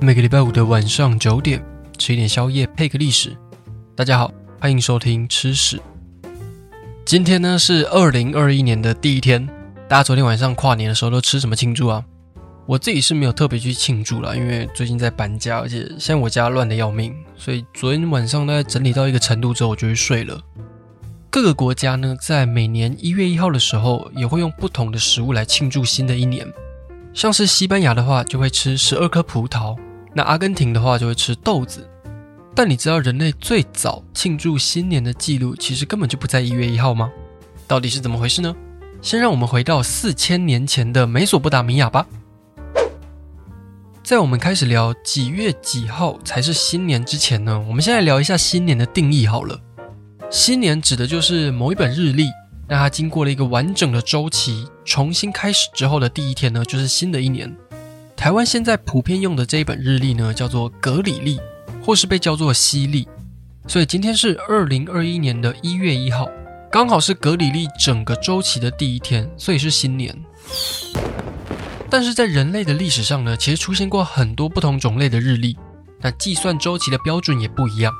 每個禮拜五的晚上九點，吃一點宵夜配個歷史。大家好，歡迎收聽吃史。今天呢是二零二一年的第一天，大家昨天晚上跨年的時候都吃什麼慶祝啊？我自己是沒有特別去慶祝啦，因為最近在搬家，而且現在我家亂的要命，所以昨天晚上呢整理到一個程度之後，我就去睡了。各個國家呢在每年一月一號的時候也會用不同的食物來慶祝新的一年，像是西班牙的話就會吃十二顆葡萄。那阿根廷的話就會吃豆子，但你知道人類最早慶祝新年的記錄其實根本就不在一月一號嗎？到底是怎麼回事呢？先讓我們回到四千年前的美索不達米亞吧。在我們開始聊幾月幾號才是新年之前呢，我們先來聊一下新年的定義好了。新年指的就是某一本日曆，讓它經過了一個完整的周期，重新開始之後的第一天呢，就是新的一年。台灣現在普遍用的這一本日曆呢，叫做格里曆，或是被叫做西曆。所以今天是二零二一年的一月一號，剛好是格里曆整個週期的第一天，所以是新年。但是在人類的歷史上呢，其實出現過很多不同種類的日曆，那計算週期的標準也不一樣。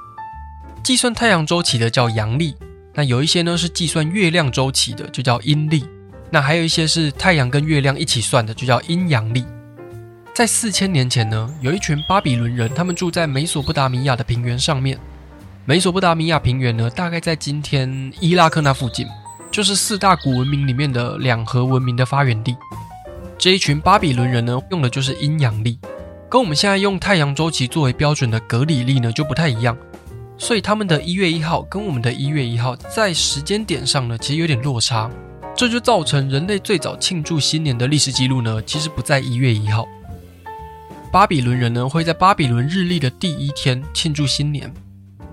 計算太陽週期的叫陽曆，那有一些呢是計算月亮週期的，就叫陰曆。那還有一些是太陽跟月亮一起算的，就叫陰陽曆。在四千年前呢，有一群巴比倫人，他們住在美索不達米亞的平原上面。美索不達米亞平原呢，大概在今天伊拉克那附近，就是四大古文明裡面的兩河文明的發源地。這一群巴比倫人呢，用的就是陰陽曆，跟我們現在用太陽周期作為標準的格里曆呢，就不太一樣。所以他們的一月一號跟我們的一月一號在時間點上呢，其實有點落差。這就造成人類最早慶祝新年的歷史記錄呢，其實不在一月一號。巴比倫人呢，會在巴比倫日曆的第一天慶祝新年，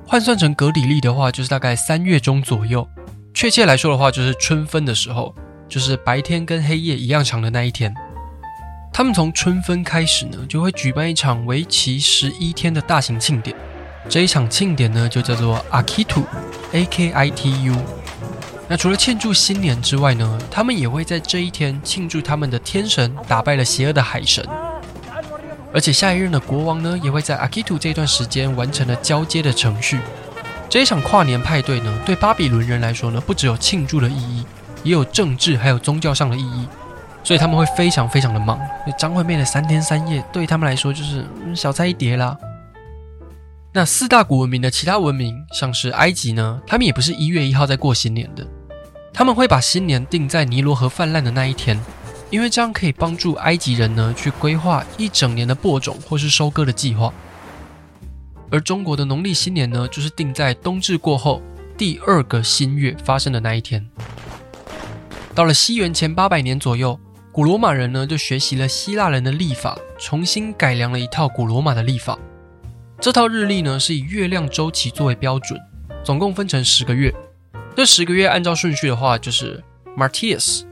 換算成格里曆的話就是大概三月中左右。確切來說的話，就是春分的時候，就是白天跟黑夜一樣長的那一天。他們從春分開始呢，就會舉辦一場為期十一天的大型慶典。這一場慶典呢，就叫做 Akitu，A K I T U。那除了慶祝新年之外呢，他們也會在這一天慶祝他們的天神打敗了邪惡的海神。而且下一任的國王呢，也會在阿基圖這段時間完成了交接的程序。這一場跨年派對呢，對巴比倫人來說呢，不只有慶祝的意義，也有政治還有宗教上的意義，所以他們會非常非常的忙。那張惠妹的三天三夜對他們來說就是、嗯、小菜一碟啦。那四大古文明的其他文明，像是埃及呢，他們也不是一月一號在過新年的，的他們會把新年定在尼羅河泛濫的那一天。因為這樣可以幫助埃及人呢去規劃一整年的播種或是收割的計劃，而中國的農曆新年呢就是定在冬至過後第二個新月發生的那一天。到了西元前八百年左右，古羅馬人呢就學習了希臘人的曆法，重新改良了一套古羅馬的曆法。這套日曆呢是以月亮週期作為標準，總共分成十個月。這十個月按照順序的話就是 Martius、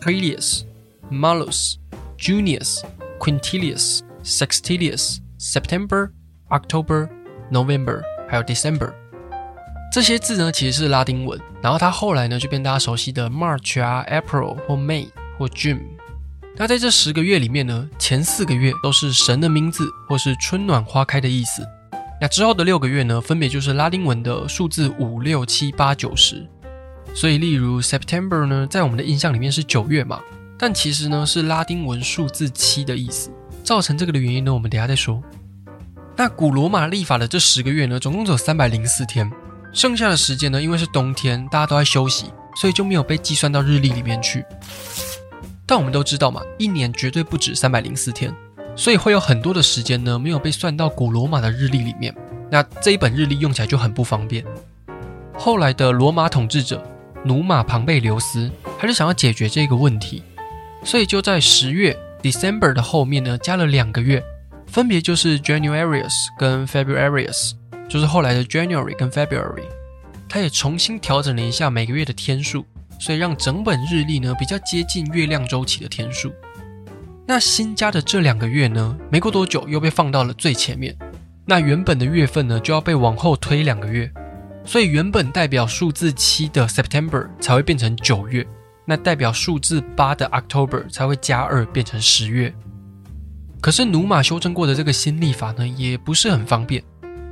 Caelius。Malus, Junius, Quintilius, Sextilius, September, October, November，還有 December，這些字呢其實是拉丁文，然後它後來呢就變大家熟悉的 March 啊、April 或 May 或 June。那在這十個月裡面呢，前四個月都是神的名字或是春暖花開的意思。那之後的六個月呢，分別就是拉丁文的數字五六七八九十。所以例如 September 呢，在我們的印象裡面是九月嘛。但其實呢，是拉丁文數字七的意思。造成這個的原因呢，我們等一下再說。那古羅馬曆法的這十個月呢，總共只有三百零四天。剩下的時間呢，因為是冬天，大家都在休息，所以就沒有被計算到日曆裡面去。但我們都知道嘛，一年絕對不止三百零四天，所以會有很多的時間呢，沒有被算到古羅馬的日曆裡面。那這一本日曆用起來就很不方便。後來的羅馬統治者努馬·龐貝留斯還是想要解決這個問題。所以就在十月 （December） 的後面呢，加了兩個月，分別就是 Januarius 跟 Februarius，就是後來的 January 跟 February。它也重新調整了一下每個月的天數，所以讓整本日曆呢，比較接近月亮週期的天數。那新加的這兩個月呢，沒過多久又被放到了最前面，那原本的月份呢，就要被往後推兩個月，所以原本代表數字七的 September 才會變成九月。那代表數字八的 October 才會加二變成十月。可是努馬修正過的這個新曆法呢，也不是很方便。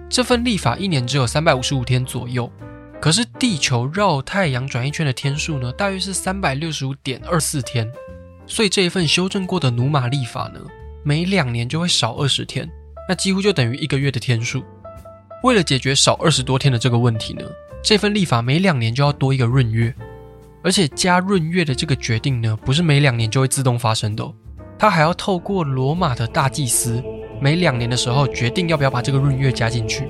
這份曆法一年只有三百五十五天左右，可是地球繞太陽轉一圈的天數呢，大約是三百六十五點二四天。所以這一份修正過的努馬曆法呢，每兩年就會少二十天，那幾乎就等於一個月的天數。為了解決少二十多天的這個問題呢，這份曆法每兩年就要多一個閏月。而且加閏月的這個決定呢，不是每兩年就會自動發生的哦，他還要透過羅馬的大祭司，每兩年的時候決定要不要把這個閏月加進去。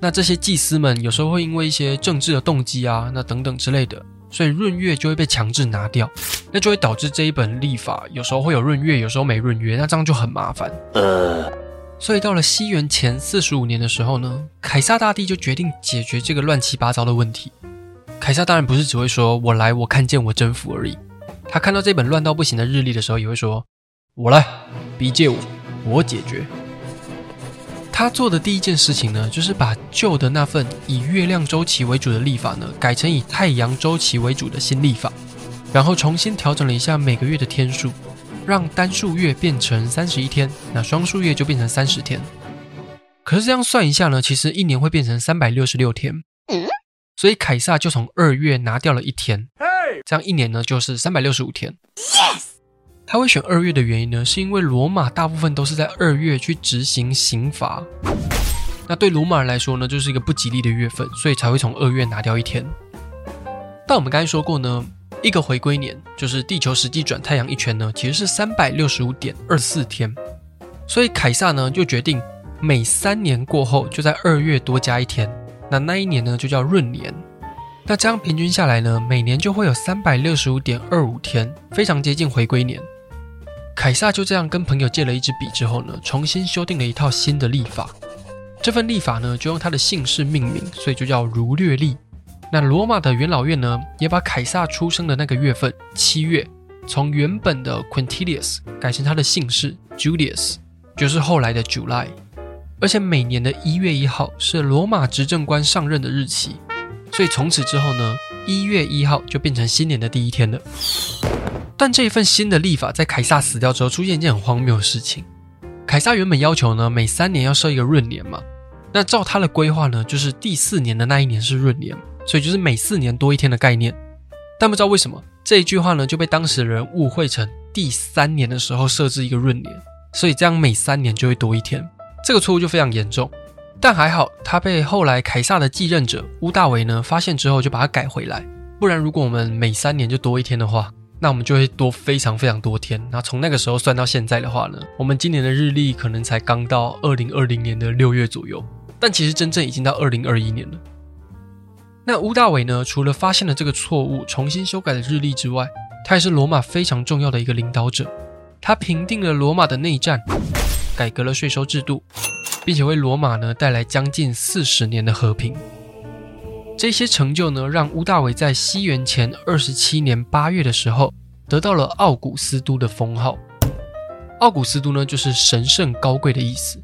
那這些祭司們有時候會因為一些政治的動機啊，那等等之類的，所以閏月就會被強制拿掉，那就會導致這一本曆法有時候會有閏月，有時候沒閏月，那這樣就很麻煩。呃，所以到了西元前四十五年的時候呢，凱撒大帝就決定解決這個亂七八糟的問題。凱撒當然不是只會說“我來，我看見，我征服”而已。他看到這本亂到不行的日曆的時候，也會說：“我來，別借我，我解決。”他做的第一件事情呢，就是把舊的那份以月亮週期為主的曆法呢，改成以太陽週期為主的新曆法，然後重新調整了一下每個月的天數，讓單數月變成三十一天，那雙數月就變成三十天。可是這樣算一下呢，其實一年會變成三百六十六天。所以凱撒就從二月拿掉了一天，這樣一年呢就是三百六十五天。他會選二月的原因呢，是因為羅馬大部分都是在二月去執行刑罰，那對羅馬人來說呢，就是一個不吉利的月份，所以才會從二月拿掉一天。但我們剛才說過呢，一個回歸年就是地球實際轉太陽一圈呢，其實是三百六十五點二四天，所以凱撒呢就決定每三年過後就在二月多加一天。那那一年呢就叫閏年，那這樣平均下來呢，每年就會有三百六十五點二五天，非常接近回歸年。凱撒就這樣跟朋友借了一支筆之後呢，重新修訂了一套新的曆法。這份曆法呢就用他的姓氏命名，所以就叫儒略曆。那羅馬的元老院呢也把凱撒出生的那個月份七月，從原本的 Quintilius 改成他的姓氏 Julius，就是後來的 July。而且每年的一月一號是羅馬執政官上任的日期，所以從此之後呢，一月一號就變成新年的第一天了。但這一份新的曆法在凱撒死掉之後，出現一件很荒謬的事情：凱撒原本要求呢，每三年要設一個閏年嘛，那照他的規劃呢，就是第四年的那一年是閏年，所以就是每四年多一天的概念。但不知道為什麼這一句話呢，就被當時的人誤會成第三年的時候設置一個閏年，所以這樣每三年就會多一天。這個錯誤就非常嚴重，但還好，他被後來凱撒的繼任者屋大維呢發現之後，就把它改回來。不然，如果我們每三年就多一天的話，那我們就會多非常非常多天。那從那個時候算到現在的話呢，我們今年的日曆可能才剛到二零二零年的六月左右，但其實真正已經到二零二一年了。那屋大維呢，除了發現了這個錯誤，重新修改了日曆之外，他也是羅馬非常重要的一個領導者，他平定了羅馬的內戰，改革了稅收制度，並且為羅馬呢帶來將近四十年的和平。這些成就呢，讓屋大維在西元前二十七年八月的時候得到了奧古斯都的封號。奧古斯都呢，就是神聖高貴的意思。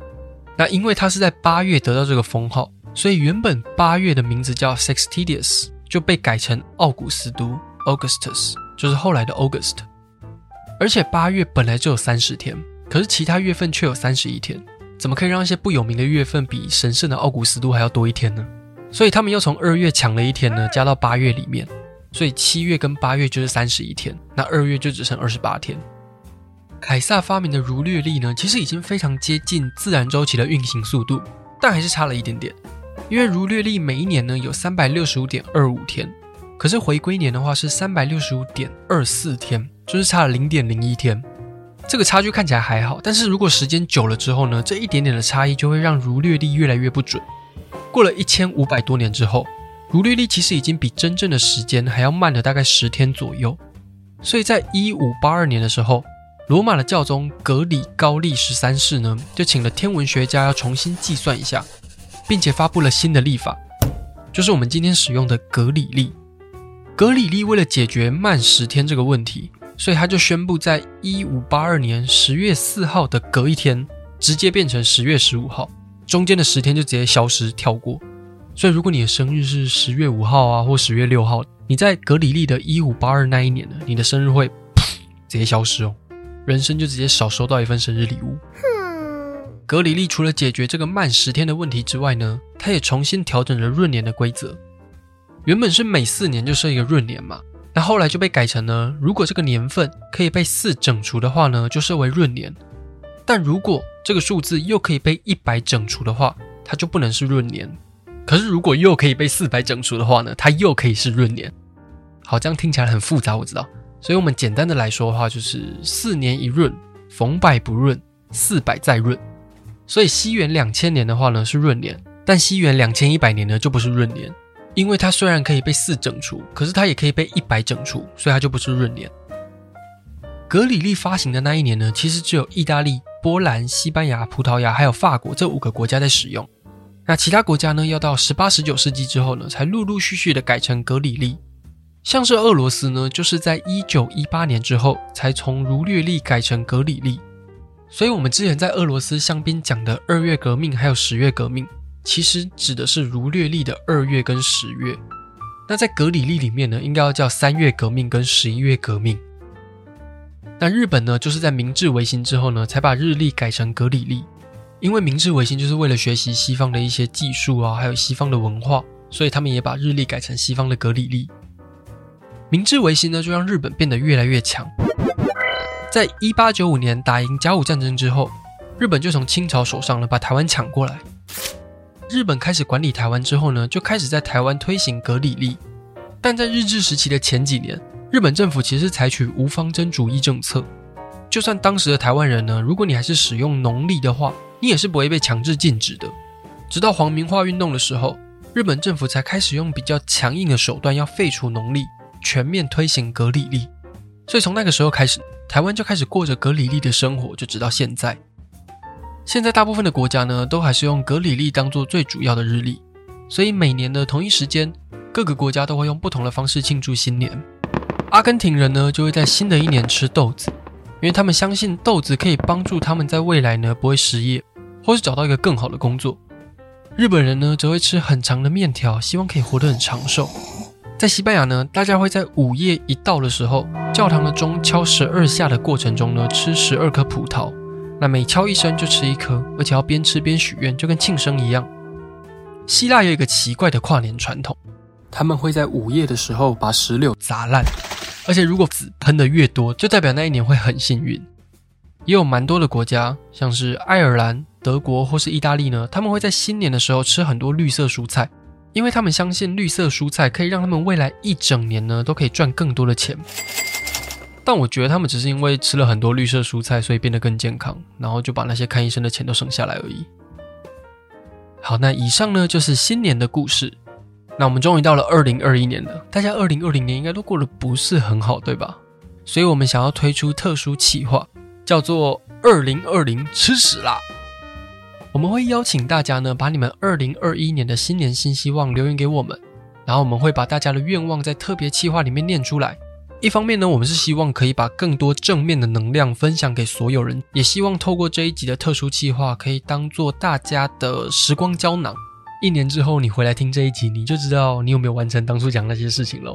那因為他是在八月得到這個封號，所以原本八月的名字叫 Sextilis，就被改成奧古斯都 Augustus，就是後來的 August。而且八月本來就有三十天。可是其他月份卻有三十一天，怎麼可以讓一些不有名的月份比神聖的奧古斯都還要多一天呢？所以他們又從二月搶了一天呢，加到八月裡面，所以七月跟八月就是三十一天，那二月就只剩二十八天。凱撒發明的儒略曆呢，其實已經非常接近自然週期的運行速度，但還是差了一點點，因為儒略曆每一年呢有三百六十五點二五天，可是回歸年的話是三百六十五點二四天，就是差了零點零一天。這個差距看起來還好，但是如果時間久了之後呢？這一點點的差異就會讓儒略曆越來越不準。過了一千五百多年之後，儒略曆其實已經比真正的時間還要慢了大概十天左右。所以在一五八二年的時候，羅馬的教宗格里高利十三世呢，就請了天文學家要重新計算一下，並且發布了新的曆法，就是我們今天使用的格里曆。格里曆為了解決慢十天這個問題。所以他就宣布，在一五八二年十月四號的隔一天，直接變成十月十五號，中間的十天就直接消失跳過。所以如果你的生日是十月五號啊，或十月六號，你在格里曆的一五八二那一年呢？你的生日會直接消失哦，人生就直接少收到一份生日禮物。嗯、格里曆除了解決這個慢十天的問題之外呢，他也重新調整了閏年的規則，原本是每四年就設一個閏年嘛。那後來就被改成呢，如果這個年份可以被四整除的話呢，就設為閏年；但如果這個數字又可以被一百整除的話，它就不能是閏年。可是如果又可以被四百整除的話呢，它又可以是閏年。好，這樣聽起來很複雜，我知道。所以我們簡單的來說的話，就是四年一閏，逢百不閏，四百再閏。所以西元兩千年的話呢是閏年，但西元兩千一百年呢就不是閏年。因為它雖然可以被四整除，可是它也可以被一百整除，所以它就不是閏年。格里曆發行的那一年呢，其實只有意大利、波蘭、西班牙、葡萄牙還有法國這五個國家在使用。那其他國家呢，要到十八、十九世紀之後呢，才陸陸續續的改成格里曆。像是俄羅斯呢，就是在一九一八年之後才從儒略曆改成格里曆。所以，我們之前在俄羅斯香檳講的二月革命，還有十月革命，其實指的是儒略曆的二月跟十月，那在格里曆裡面呢，應該要叫三月革命跟十一月革命。那日本呢，就是在明治維新之後呢，才把日曆改成格里曆，因為明治維新就是為了學習西方的一些技術啊，還有西方的文化，所以他們也把日曆改成西方的格里曆。明治維新呢，就讓日本變得越來越強。在1895年打贏甲午戰爭之後，日本就從清朝手上呢，把台灣搶過來。日本開始管理台灣之後呢，就開始在台灣推行格里曆。但在日治時期的前幾年，日本政府其實採取無方針主義政策。就算當時的台灣人呢，如果你還是使用農曆的話，你也是不會被強制禁止的。直到皇民化運動的時候，日本政府才開始用比較強硬的手段要廢除農曆，全面推行格里曆。所以從那個時候開始，台灣就開始過着格里曆的生活，就直到現在。現在大部分的國家呢，都還是用格里曆當做最主要的日曆，所以每年的同一時間，各個國家都會用不同的方式慶祝新年。阿根廷人呢，就會在新的一年吃豆子，因為他們相信豆子可以幫助他們在未來呢不會失業，或是找到一個更好的工作。日本人呢，則會吃很長的麵條，希望可以活得很長壽。在西班牙呢，大家會在午夜一到的時候，教堂的鐘敲十二下的過程中呢，吃十二顆葡萄。那每敲一聲就吃一顆，而且要邊吃邊許願，就跟慶生一樣。希臘有一個奇怪的跨年傳統，他們會在午夜的時候把石榴砸爛，而且如果籽噴得越多，就代表那一年會很幸運。也有蠻多的國家，像是愛爾蘭、德國或是意大利呢，他們會在新年的時候吃很多綠色蔬菜，因為他們相信綠色蔬菜可以讓他們未來一整年呢都可以賺更多的錢。但我覺得他們只是因為吃了很多綠色蔬菜，所以變得更健康，然後就把那些看醫生的錢都省下來而已。好，那以上呢就是新年的故事。那我們終於到了二零二一年了，大家二零二零年應該都過得不是很好，對吧？所以我們想要推出特殊企劃，叫做“二零二零吃史啦”。我們會邀請大家呢，把你們二零二一年的新年新希望留言給我們，然後我們會把大家的願望在特別企劃裡面念出來。一方面呢，我們是希望可以把更多正面的能量分享給所有人，也希望透過這一集的特殊企劃，可以當做大家的時光膠囊。一年之後你回來聽這一集，你就知道你有沒有完成當初講的那些事情嘍。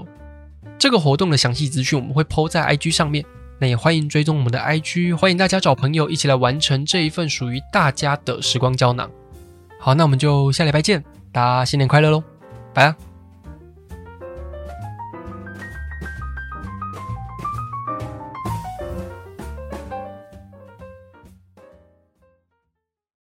這個活動的詳細資訊我們會 po 在 IG 上面，那也歡迎追蹤我們的 IG，歡迎大家找朋友一起來完成這一份屬於大家的時光膠囊。好，那我們就下禮拜見，大家新年快樂嘍，拜。